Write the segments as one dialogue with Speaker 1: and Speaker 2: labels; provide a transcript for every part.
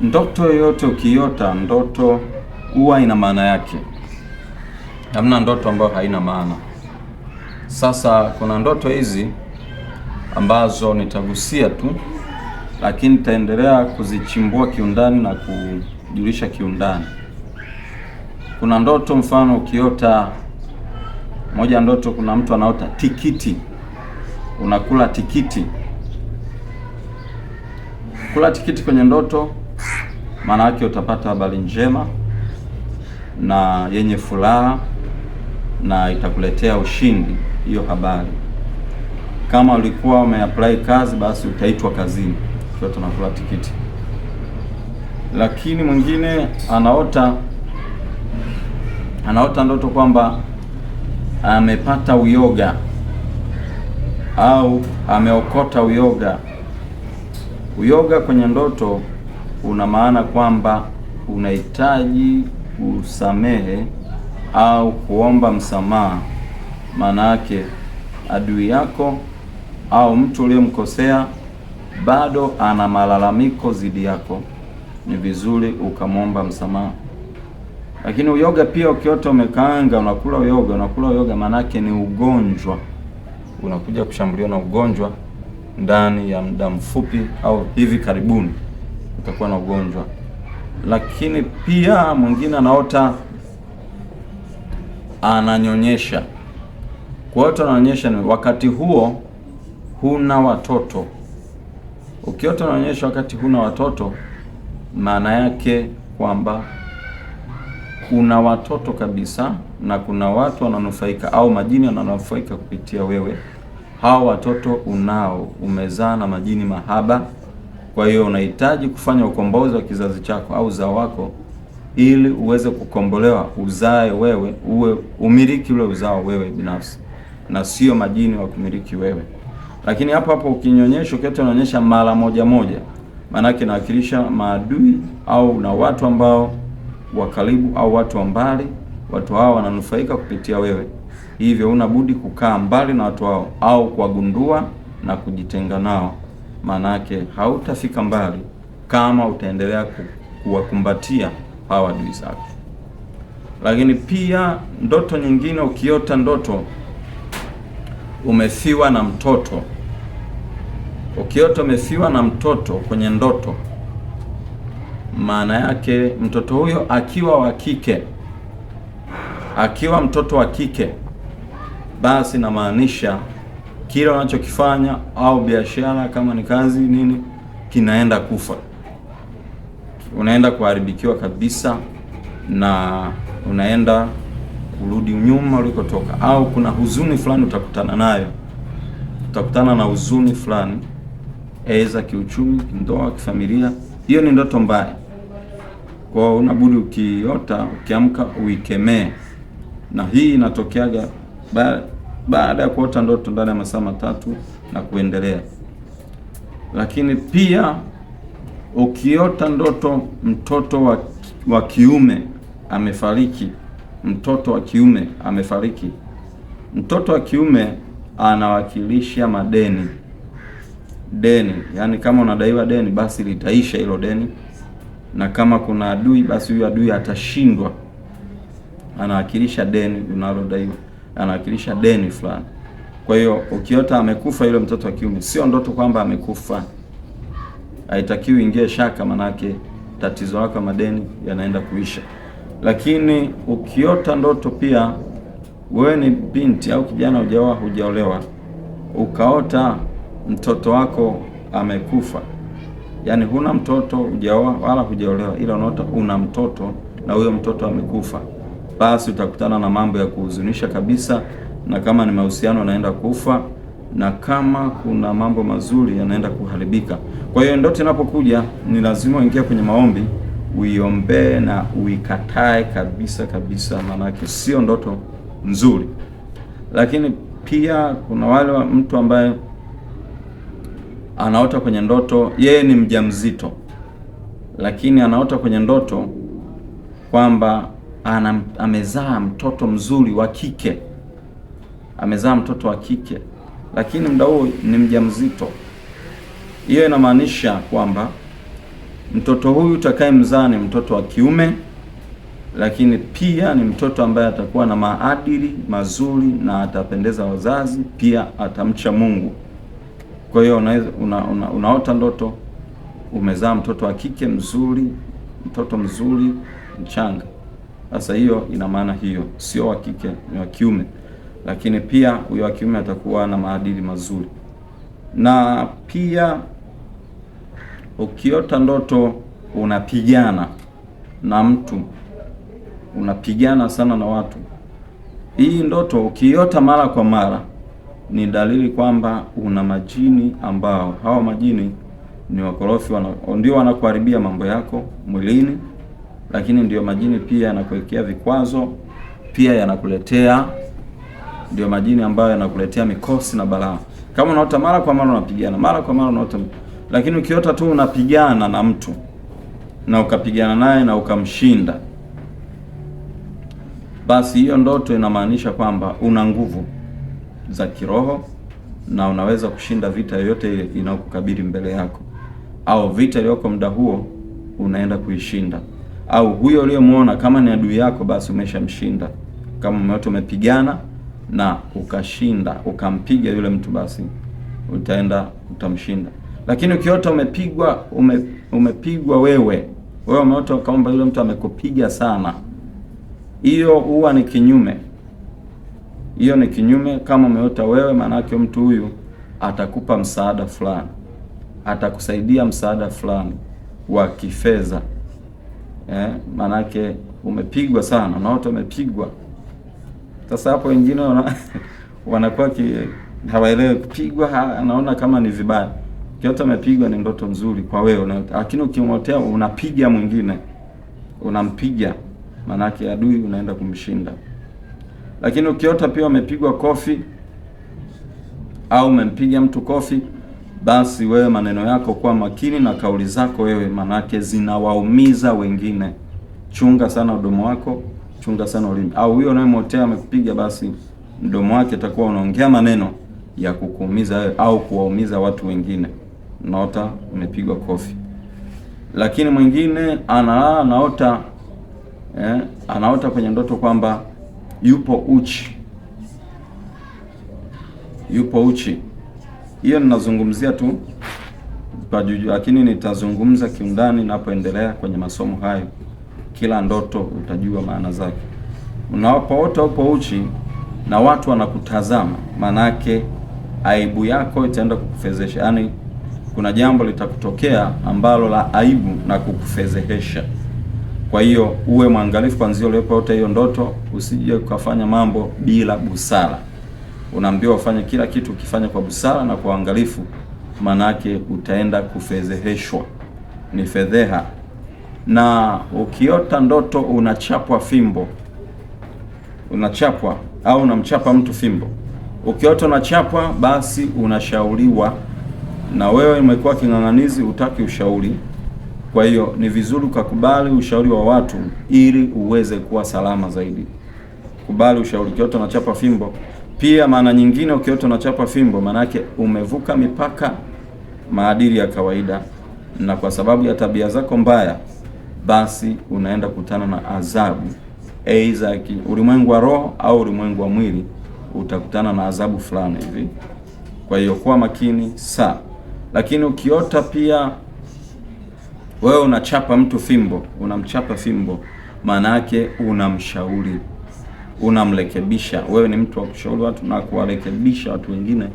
Speaker 1: ndoto yoyote ukiota, ndoto huwa ina maana yake. Hamna ndoto ambayo haina maana. Sasa kuna ndoto hizi ambazo nitagusia tu, lakini nitaendelea kuzichimbua kiundani na kujulisha kiundani. Kuna ndoto mfano ukiota moja ndoto, kuna mtu anaota tikiti, unakula tikiti. Kula tikiti kwenye ndoto maana yake utapata habari njema na yenye furaha na itakuletea ushindi hiyo habari. Kama ulikuwa umeapply kazi, basi utaitwa kazini, kwa tunakula tikiti. Lakini mwingine anaota anaota ndoto kwamba amepata uyoga au ameokota uyoga. Uyoga kwenye ndoto una maana kwamba unahitaji kusamehe au kuomba msamaha. Maana yake adui yako au mtu uliyemkosea bado ana malalamiko dhidi yako, ni vizuri ukamwomba msamaha. Lakini uyoga pia, ukiota umekaanga unakula uyoga, unakula uyoga, yake ni ugonjwa, unakuja kushambuliwa na ugonjwa ndani ya muda mfupi au hivi karibuni utakuwa na ugonjwa. Lakini pia mwingine anaota ananyonyesha. Kuota ananyonyesha ni wakati huo huna watoto. Ukiota unanyonyesha wakati huna watoto, maana yake kwamba kuna watoto kabisa na kuna watu wananufaika au majini wananufaika kupitia wewe. Hao watoto unao, umezaa na majini mahaba. Kwa hiyo unahitaji kufanya ukombozi wa kizazi chako au uzao wako ili uweze kukombolewa, uzae wewe, uwe umiliki ule uzao wewe binafsi, na sio majini wa kumiliki wewe. Lakini hapo hapo ukinyonyesha, ukiacha unaonyesha mara moja moja, maanake inawakilisha maadui au na watu ambao wa karibu au watu wa mbali. Watu hao wananufaika kupitia wewe, hivyo una budi kukaa mbali na watu hao au kuwagundua na kujitenga nao maana yake hautafika mbali kama utaendelea kuwakumbatia hawa adui zako. Lakini pia ndoto nyingine, ukiota ndoto umefiwa na mtoto, ukiota umefiwa na mtoto kwenye ndoto, maana yake mtoto huyo akiwa wa kike, akiwa mtoto wa kike, basi maanisha kile unachokifanya au biashara kama ni kazi nini, kinaenda kufa, unaenda kuharibikiwa kabisa na unaenda kurudi nyuma ulikotoka, au kuna huzuni fulani utakutana nayo, utakutana na huzuni fulani aidha kiuchumi, kindoa, kifamilia. Hiyo ni ndoto mbaya, kwa unabudi ukiota, ukiamka uikemee, na hii inatokeaga baada ya kuota ndoto ndani ya masaa matatu na kuendelea. Lakini pia ukiota ndoto mtoto wa, wa kiume amefariki, mtoto wa kiume amefariki, mtoto wa kiume anawakilisha madeni deni, yaani kama unadaiwa deni, basi litaisha hilo deni, na kama kuna adui, basi huyo adui atashindwa. Anawakilisha deni unalodaiwa anawakilisha deni fulani. Kwa hiyo ukiota amekufa yule mtoto wa kiume, sio ndoto kwamba amekufa, haitakiwi ingie shaka, manake tatizo lako madeni yanaenda kuisha. Lakini ukiota ndoto pia wewe ni binti au kijana hujaoa, hujaolewa, ukaota mtoto wako amekufa, yaani huna mtoto, hujaoa wala hujaolewa, ila unaota una mtoto na huyo mtoto amekufa basi utakutana na mambo ya kuhuzunisha kabisa, na kama ni mahusiano yanaenda kufa, na kama kuna mambo mazuri yanaenda kuharibika. Kwa hiyo ndoto inapokuja, ni lazima uingie kwenye maombi, uiombee na uikatae kabisa kabisa, maanake sio ndoto nzuri. Lakini pia kuna wale wa mtu ambaye anaota kwenye ndoto yeye ni mjamzito, lakini anaota kwenye ndoto kwamba ana, amezaa mtoto mzuri wa kike, amezaa mtoto wa kike, lakini muda huo ni mjamzito. Hiyo inamaanisha kwamba mtoto huyu mzaa ni mtoto wa kiume, lakini pia ni mtoto ambaye atakuwa na maadili mazuri na atapendeza wazazi, pia atamcha Mungu. Kwa hiyo una, una, una, unaota ndoto umezaa mtoto wa kike mzuri, mtoto mzuri mchanga, sasa hiyo ina maana hiyo sio wa kike, ni wa kiume, lakini pia huyo wa kiume atakuwa na maadili mazuri. Na pia ukiota ndoto unapigana na mtu, unapigana sana na watu, hii ndoto ukiota mara kwa mara ni dalili kwamba una majini ambao hawa majini ni wakorofi, ndio wanakuharibia mambo yako mwilini lakini ndio majini pia yanakuwekea vikwazo, pia yanakuletea ndio majini ambayo yanakuletea mikosi na balaa. Kama unaota mara kwa mara unapigana mara kwa mara unaota, lakini ukiota tu unapigana na mtu na ukapigana naye na ukamshinda, basi hiyo ndoto inamaanisha kwamba una nguvu za kiroho na unaweza kushinda vita yoyote inayokukabili mbele yako, au vita iliyoko muda huo unaenda kuishinda au huyo uliyemwona kama ni adui yako, basi umeshamshinda. Kama wote umepigana na ukashinda, ukampiga yule mtu, basi utaenda utamshinda. Lakini ukiota umepigwa ume, umepigwa wewe wewe umeota kwamba yule mtu amekupiga sana, hiyo huwa ni kinyume, hiyo ni kinyume. Kama umeota wewe, maanake mtu huyu atakupa msaada fulani, atakusaidia msaada fulani wa kifedha eh, maanake umepigwa sana na watu wamepigwa. Sasa hapo wengine wana, wanakuwa hawaelewi kupigwa anaona kama ni vibaya. Kiota amepigwa ni ndoto nzuri kwa wewe, lakini ukimotea unapiga mwingine, unampiga maanake adui unaenda kumshinda. Lakini ukiota pia umepigwa kofi au umempiga mtu kofi basi wewe maneno yako kuwa makini na kauli zako wewe, manake zinawaumiza wengine. Chunga sana mdomo wako, chunga sana ulimi. Au huyo unayemwotea amekupiga, basi mdomo wake atakuwa unaongea maneno ya kukuumiza wewe au kuwaumiza watu wengine. Naota umepigwa kofi, lakini mwingine analala anaota, eh, anaota kwenye ndoto kwamba yupo uchi, yupo uchi hiyo ninazungumzia tu kwa lakini nitazungumza kiundani napoendelea kwenye masomo hayo. Kila ndoto utajua maana zake. Unapoota upo uchi na watu wanakutazama, yake aibu yako itaenda kukufezesha, yaani kuna jambo litakutokea ambalo la aibu na kukufezehesha Kwa hiyo uwe mwangalifu kwanzia uliopoota hiyo ndoto, usije ukafanya mambo bila busara unaambiwa ufanye kila kitu, ukifanya kwa busara na kwa uangalifu, maanake utaenda kufedheheshwa, ni fedheha. Na ukiota ndoto unachapwa fimbo, unachapwa au unamchapa mtu fimbo, ukiota unachapwa, basi unashauriwa. Na wewe umekuwa king'ang'anizi, utaki ushauri. Kwa hiyo ni vizuri ukakubali ushauri wa watu ili uweze kuwa salama zaidi. Kubali ushauri. Ukiota unachapa fimbo pia maana nyingine, ukiota unachapa fimbo, maana yake umevuka mipaka maadili ya kawaida, na kwa sababu ya tabia zako mbaya, basi unaenda kutana na adhabu, aidha ulimwengu wa roho au ulimwengu wa mwili, utakutana na adhabu fulani hivi. Kwa hiyo kuwa makini saa. Lakini ukiota pia wewe unachapa mtu fimbo, unamchapa fimbo, maana yake unamshauri unamrekebisha. Wewe ni mtu wa kushauri watu na kuwarekebisha watu wengine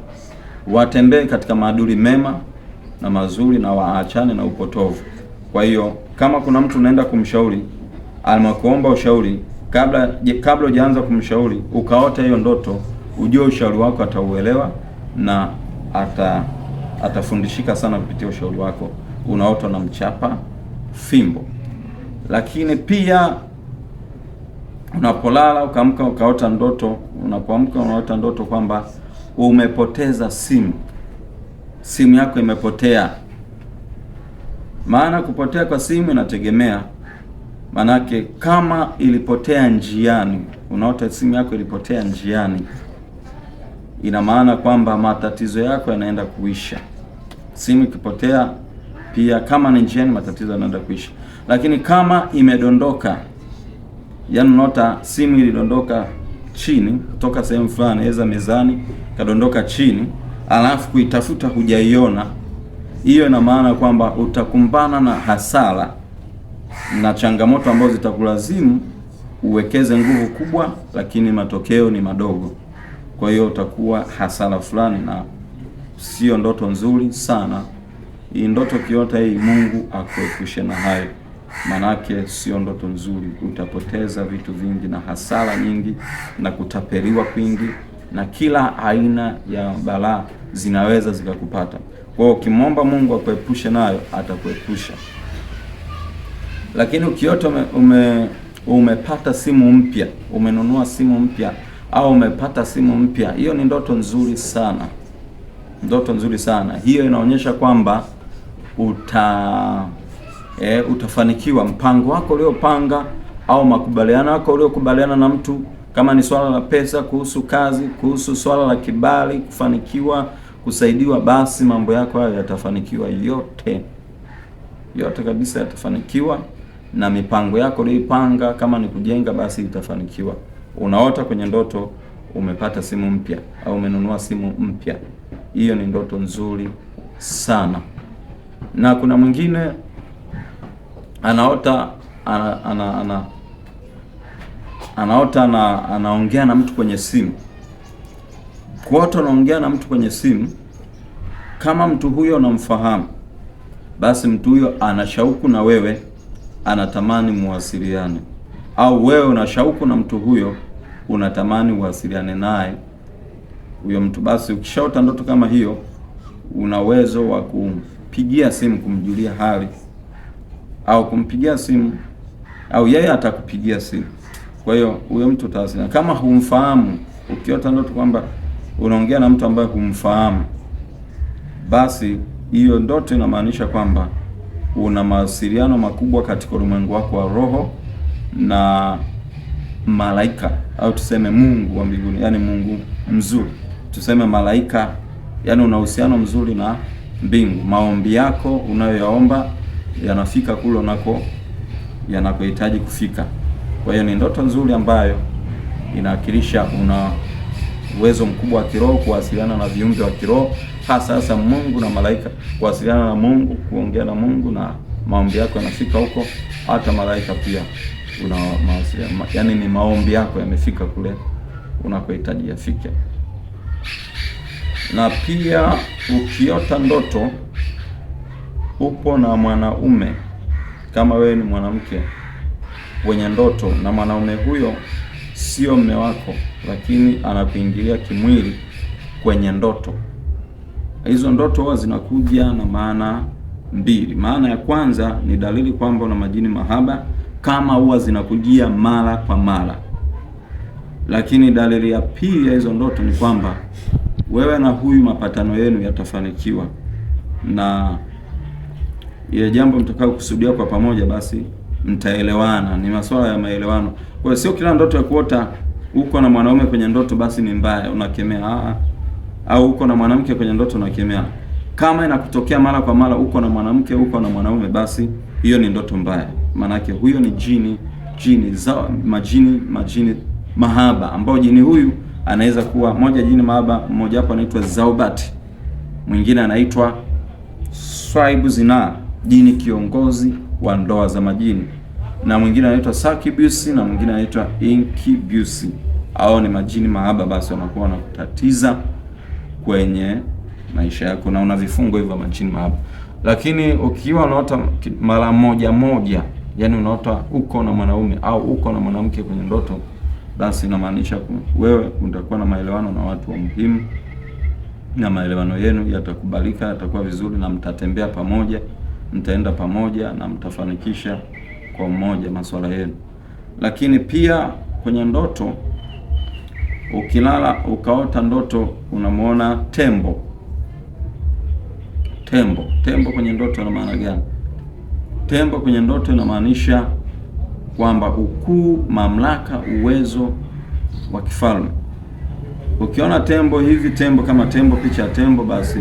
Speaker 1: watembee katika maadili mema na mazuri na waachane na upotovu. Kwa hiyo kama kuna mtu unaenda kumshauri almakuomba ushauri, kabla kabla hujaanza kumshauri ukaota hiyo ndoto, ujue ushauri wako atauelewa na ata atafundishika sana kupitia ushauri wako unaotwa na mchapa fimbo, lakini pia unapolala ukaamka ukaota ndoto, unapoamka unaota ndoto kwamba umepoteza simu, simu yako imepotea. Maana kupotea kwa simu inategemea, maanake kama ilipotea njiani, unaota simu yako ilipotea njiani, ina maana kwamba matatizo yako yanaenda kuisha. Simu ikipotea pia, kama ni njiani, matatizo yanaenda kuisha, lakini kama imedondoka yani unaota simu ilidondoka chini kutoka sehemu fulani, aweza mezani, kadondoka chini, alafu kuitafuta hujaiona, hiyo ina maana kwamba utakumbana na hasara na changamoto ambazo zitakulazimu uwekeze nguvu kubwa, lakini matokeo ni madogo. Kwa hiyo utakuwa hasara fulani, na sio ndoto nzuri sana hii. Ndoto kiota hii, Mungu akuepushe na hayo. Manake sio ndoto nzuri, utapoteza vitu vingi na hasara nyingi na kutapeliwa kwingi na kila aina ya balaa zinaweza zikakupata. Kwa hiyo ukimwomba Mungu akuepushe nayo atakuepusha. Lakini ukiota ume, ume, umepata simu mpya, umenunua simu mpya au umepata simu mpya, hiyo ni ndoto nzuri sana, ndoto nzuri sana hiyo. Inaonyesha kwamba uta e, utafanikiwa mpango wako uliopanga au makubaliano yako uliokubaliana na mtu, kama ni swala la pesa, kuhusu kazi, kuhusu swala la kibali, kufanikiwa, kusaidiwa, basi mambo yako hayo yatafanikiwa yote, yote kabisa yatafanikiwa, na mipango yako uliyoipanga, kama ni kujenga, basi itafanikiwa. Unaota kwenye ndoto umepata simu mpya au umenunua simu mpya, hiyo ni ndoto nzuri sana. Na kuna mwingine anaota ana, ana, ana, anaota ana, anaongea na mtu kwenye simu. Kuota unaongea na mtu kwenye simu, kama mtu huyo unamfahamu, basi mtu huyo ana shauku na wewe, anatamani muwasiliane, au wewe una shauku na mtu huyo, unatamani uwasiliane naye huyo mtu. Basi ukishaota ndoto kama hiyo, una uwezo wa kumpigia simu kumjulia hali au kumpigia simu au yeye atakupigia simu. Kwa hiyo huyo mtu utawasiliana. Kama humfahamu, ukiota ndoto kwamba unaongea na mtu ambaye humfahamu, basi hiyo ndoto inamaanisha kwamba una mawasiliano makubwa katika ulimwengu wako wa roho na malaika au tuseme Mungu wa mbinguni, yani Mungu mzuri, tuseme malaika, yani una uhusiano mzuri na mbingu. Maombi yako unayoyaomba yanafika kule unako yanakohitaji kufika. Kwa hiyo ni ndoto nzuri ambayo inawakilisha una uwezo mkubwa wa kiroho kuwasiliana na viumbe wa kiroho, hasa hasa Mungu na malaika, kuwasiliana na Mungu, kuongea na Mungu na maombi yako yanafika huko, hata malaika pia una mawasiliano, yani ni maombi yako yamefika kule unakohitaji yafike. Na pia ukiota ndoto upo na mwanaume kama wewe ni mwanamke wenye ndoto na mwanaume huyo sio mme wako, lakini anakuingilia kimwili kwenye ndoto hizo. Ndoto huwa zinakuja na maana mbili. Maana ya kwanza ni dalili kwamba una majini mahaba, kama huwa zinakujia mara kwa mara. Lakini dalili ya pili ya hizo ndoto ni kwamba wewe na huyu mapatano yenu yatafanikiwa na ile jambo mtakayokusudia kwa pamoja, basi mtaelewana. Ni masuala ya maelewano. Kwa hiyo sio kila ndoto ya kuota uko na mwanaume kwenye ndoto basi ni mbaya, unakemea aa, au uko na mwanamke kwenye ndoto unakemea. Kama inakutokea mara kwa mara uko na mwanamke, uko na mwanaume, basi hiyo ni ndoto mbaya, maanake huyo ni jini, jini za majini, majini mahaba, ambao jini huyu anaweza kuwa moja jini mahaba mmoja hapo anaitwa Zaubati, mwingine anaitwa Swaibu Zinaa jini kiongozi wa ndoa za majini, na mwingine anaitwa succubus na mwingine anaitwa incubus. Hao ni majini mahaba, basi wanakuwa wanakutatiza kwenye maisha yako na una vifungo hivyo majini mahaba. Lakini ukiwa unaota mara moja moja, yani unaota uko na mwanaume au uko na mwanamke kwenye ndoto, basi inamaanisha wewe utakuwa na maelewano na watu wa muhimu na maelewano yenu yatakubalika, yatakuwa vizuri na mtatembea pamoja mtaenda pamoja na mtafanikisha kwa mmoja masuala yenu. Lakini pia kwenye ndoto, ukilala ukaota ndoto unamwona tembo, tembo, tembo kwenye ndoto ina maana gani? Tembo kwenye ndoto inamaanisha kwamba ukuu, mamlaka, uwezo wa kifalme. Ukiona tembo hivi, tembo kama tembo, picha ya tembo, basi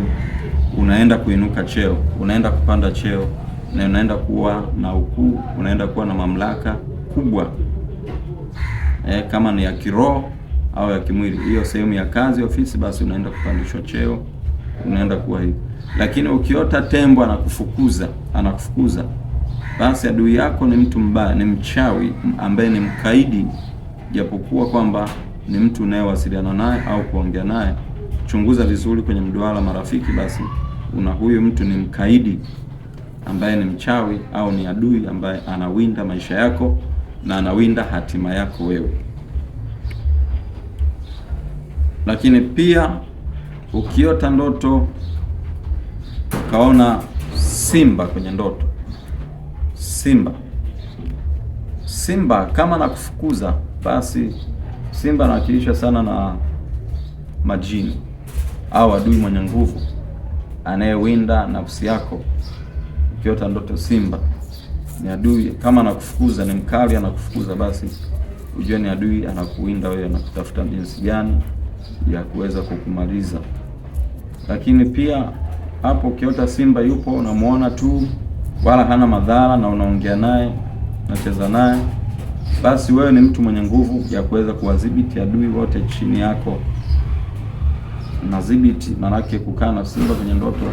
Speaker 1: unaenda kuinuka cheo, unaenda kupanda cheo na unaenda kuwa na ukuu, unaenda kuwa na mamlaka kubwa e, kama ni ya kiroho au ya kimwili. Hiyo sehemu ya kazi ofisi, basi unaenda kupandishwa cheo, unaenda kuwa hivyo. Lakini ukiota tembo anakufukuza, anakufukuza, basi adui yako ni mtu mbaya, ni mchawi ambaye ni mkaidi, japokuwa kwamba ni mtu unayewasiliana naye au kuongea naye chunguza vizuri kwenye mduara marafiki, basi una huyu mtu ni mkaidi ambaye ni mchawi au ni adui ambaye anawinda maisha yako na anawinda hatima yako wewe. Lakini pia ukiota ndoto ukaona simba kwenye ndoto, simba simba kama nakufukuza, basi simba anawakilisha sana na majini au adui mwenye nguvu anayewinda nafsi yako ukiota ndoto simba ni adui. Kama anakufukuza ni mkali, anakufukuza basi ujue ni adui anakuwinda wewe, anakutafuta jinsi gani ya kuweza kukumaliza. Lakini pia hapo ukiota simba yupo unamuona tu, wala hana madhara, na unaongea naye, unacheza naye, basi wewe ni mtu mwenye nguvu ya kuweza kuwadhibiti adui wote chini yako nadhibiti, maanake kukaa na simba kwenye ndoto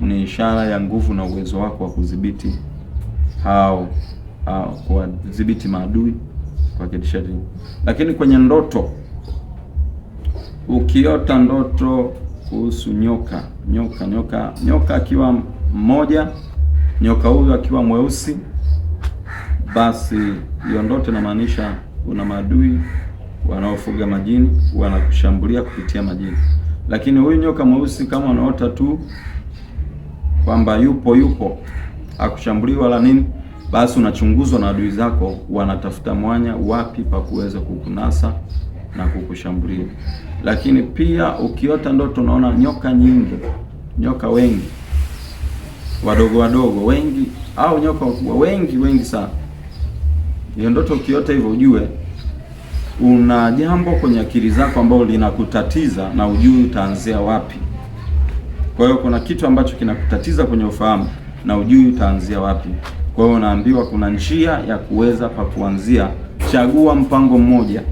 Speaker 1: ni ishara ya nguvu na uwezo wako wa kudhibiti hao, kuwadhibiti maadui kwa kidishati. Lakini kwenye ndoto, ukiota ndoto kuhusu nyoka nyoka nyoka nyoka akiwa mmoja, nyoka huyo akiwa mweusi, basi hiyo ndoto inamaanisha una maadui wanaofuga majini, wanakushambulia kupitia majini. Lakini huyu nyoka mweusi kama unaota tu kwamba yupo yupo akushambulia wala nini, basi unachunguzwa na adui zako, wanatafuta mwanya wapi pa kuweza kukunasa na kukushambulia. Lakini pia ukiota ndoto unaona nyoka nyingi, nyoka wengi wadogo wadogo wengi, au nyoka wakubwa wengi wengi sana, hiyo ndoto ukiota hivyo ujue una jambo kwenye akili zako ambalo linakutatiza na ujui utaanzia wapi. Kwa hiyo kuna kitu ambacho kinakutatiza kwenye ufahamu na ujui utaanzia wapi. Kwa hiyo unaambiwa kuna njia ya kuweza pa kuanzia. Chagua mpango mmoja,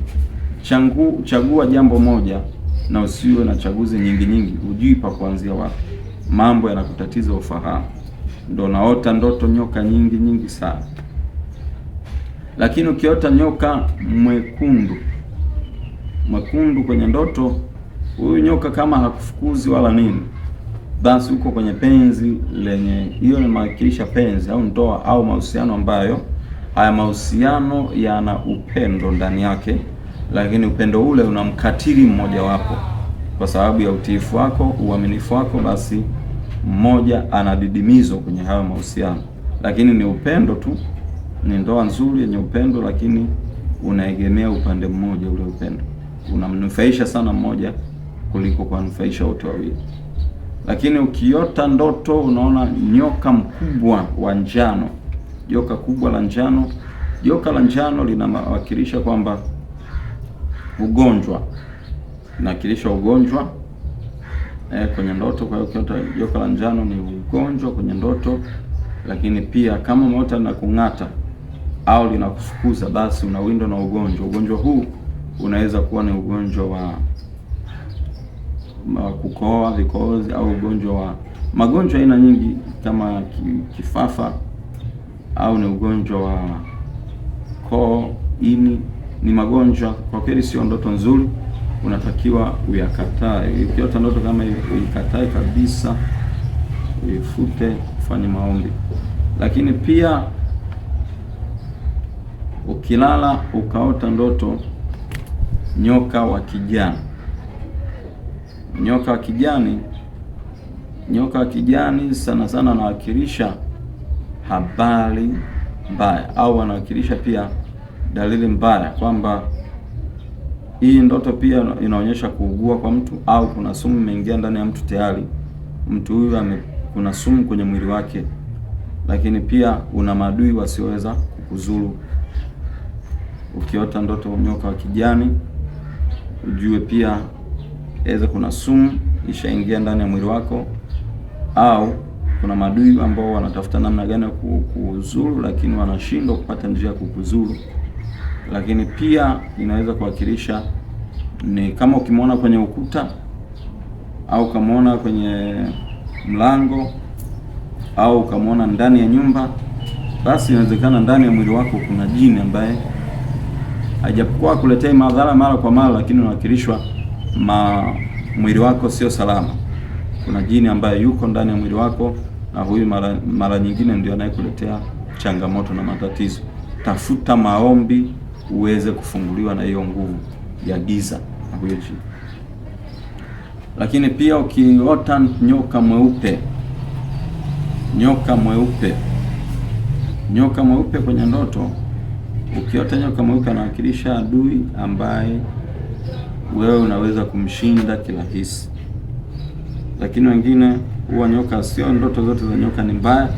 Speaker 1: changu, chagua jambo moja na usiwe na chaguzi nyingi nyingi, ujui pa kuanzia wapi. Mambo yanakutatiza ufahamu, ndio naota ndoto nyoka nyingi nyingi sana. Lakini ukiota nyoka mwekundu mwekundu kwenye ndoto, huyu nyoka kama hakufukuzi wala nini, basi uko kwenye penzi lenye, hiyo inawakilisha penzi au ndoa au mahusiano ambayo haya mahusiano yana upendo ndani yake, lakini upendo ule unamkatili mmojawapo kwa sababu ya utiifu wako, uaminifu wako, basi mmoja anadidimizwa kwenye hayo mahusiano, lakini ni upendo tu ni ndoa nzuri yenye upendo, lakini unaegemea upande mmoja. Ule upendo unamnufaisha sana mmoja kuliko kuwanufaisha wote wawili. Lakini ukiota ndoto unaona nyoka mkubwa wa njano, joka kubwa la njano. Joka la njano linawakilisha kwamba ugonjwa, linawakilisha ugonjwa e, kwenye ndoto. Kwa hiyo ukiota joka la njano ni ugonjwa kwenye ndoto, lakini pia kama umeota na kung'ata au linakufukuza, basi unawindwa na ugonjwa. Ugonjwa huu unaweza kuwa ni ugonjwa wa kukoa vikozi au ugonjwa wa magonjwa aina nyingi kama kifafa au ni ugonjwa wa koo, ini. Ni magonjwa kwa kweli, sio ndoto nzuri, unatakiwa uyakatae. Ukiota ndoto kama hiyo, uikatae kabisa, uifute, ufanye maombi, lakini pia ukilala ukaota ndoto nyoka wa kijani. Nyoka wa kijani, nyoka wa kijani sana sana anawakilisha habari mbaya, au anawakilisha pia dalili mbaya kwamba hii ndoto pia inaonyesha kuugua kwa mtu au kuna sumu imeingia ndani ya mtu tayari, mtu huyu kuna sumu kwenye mwili wake, lakini pia una maadui wasioweza kukuzuru ukiota ndoto nyoka wa kijani ujue pia aweza kuna sumu ishaingia ndani ya mwili wako, au kuna maadui ambao wanatafuta namna gani ya kukuzuru, lakini wanashindwa kupata njia ya kukuzuru. Lakini pia inaweza kuwakilisha ni kama ukimwona kwenye ukuta au ukamwona kwenye mlango au ukamwona ndani ya nyumba, basi inawezekana ndani ya mwili wako kuna jini ambaye Hajapokuwa kuletea madhara mara kwa mara, lakini unawakilishwa ma mwili wako sio salama. Kuna jini ambaye yuko ndani ya mwili wako, na huyu mara, mara nyingine ndio anayekuletea changamoto na matatizo. Tafuta maombi uweze kufunguliwa na hiyo nguvu ya giza na huyo jini. Lakini pia ukiota nyoka mweupe, nyoka mweupe, nyoka mweupe kwenye ndoto ukiota kama mweupe anawakilisha adui ambaye wewe unaweza kumshinda kirahisi, lakini wengine huwa nyoka sio, ndoto zote za nyoka ni mbaya.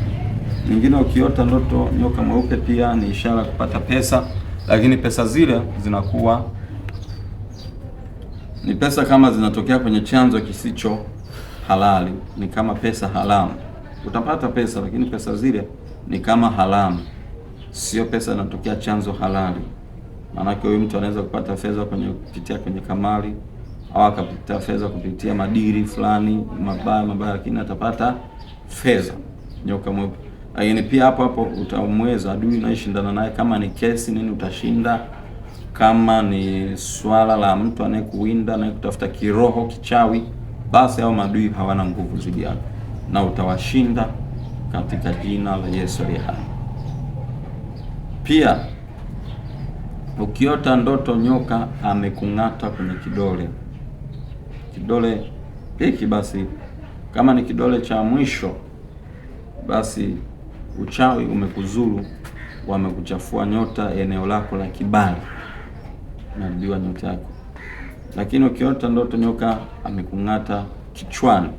Speaker 1: Wengine ukiota ndoto nyoka mweupe pia ni ishara kupata pesa, lakini pesa zile zinakuwa ni pesa kama zinatokea kwenye chanzo kisicho halali, ni kama pesa haramu. Utapata pesa, lakini pesa zile ni kama haramu sio pesa inatokea chanzo halali. Maanake huyu mtu anaweza kupata fedha kwenye kupitia kwenye kamari au akapata fedha kupitia madiri fulani mabaya mabaya, lakini atapata fedha nyoka mweupe. Lakini pia hapo hapo utamweza adui unayeshindana naye, kama ni kesi nini utashinda, kama ni swala la mtu anayekuwinda kutafuta kiroho, kichawi, basi hao madui hawana nguvu zidi yako na utawashinda katika jina la Yesu aliye hai. Pia ukiota ndoto nyoka amekung'ata kwenye kidole kidole hiki, basi kama ni kidole cha mwisho, basi uchawi umekuzuru, wamekuchafua nyota, eneo lako la kibali, naribiwa nyota yako. Lakini ukiota ndoto nyoka amekung'ata kichwani,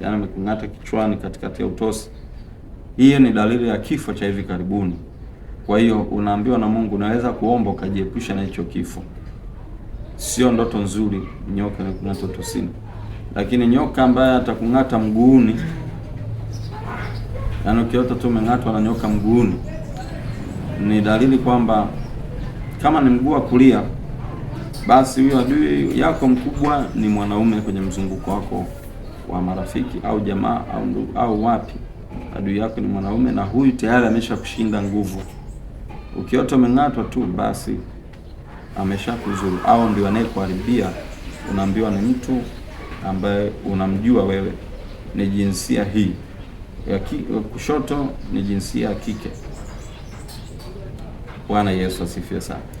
Speaker 1: yaani amekung'ata kichwani, katikati ya utosi, hiyo ni dalili ya kifo cha hivi karibuni. Kwa hiyo unaambiwa na Mungu unaweza kuomba ukajiepusha na hicho kifo. Sio ndoto nzuri nyoka kung'ata utosini, lakini nyoka ambaye atakung'ata mguuni, yaani ukiota tu umeng'atwa na nyoka mguuni, ni dalili kwamba kama ni mguu wa kulia, basi huyo adui yako mkubwa ni mwanaume kwenye mzunguko wako wa marafiki au jamaa au, au wapi, adui yako ni mwanaume na huyu tayari ameshakushinda nguvu. Ukiota umeng'atwa tu, basi ameshakuzuru au ndio anayekuharibia. Unaambiwa ni mtu ambaye unamjua wewe, ni jinsia hii ya kushoto, ni jinsia ya kike. Bwana Yesu asifiwe sana.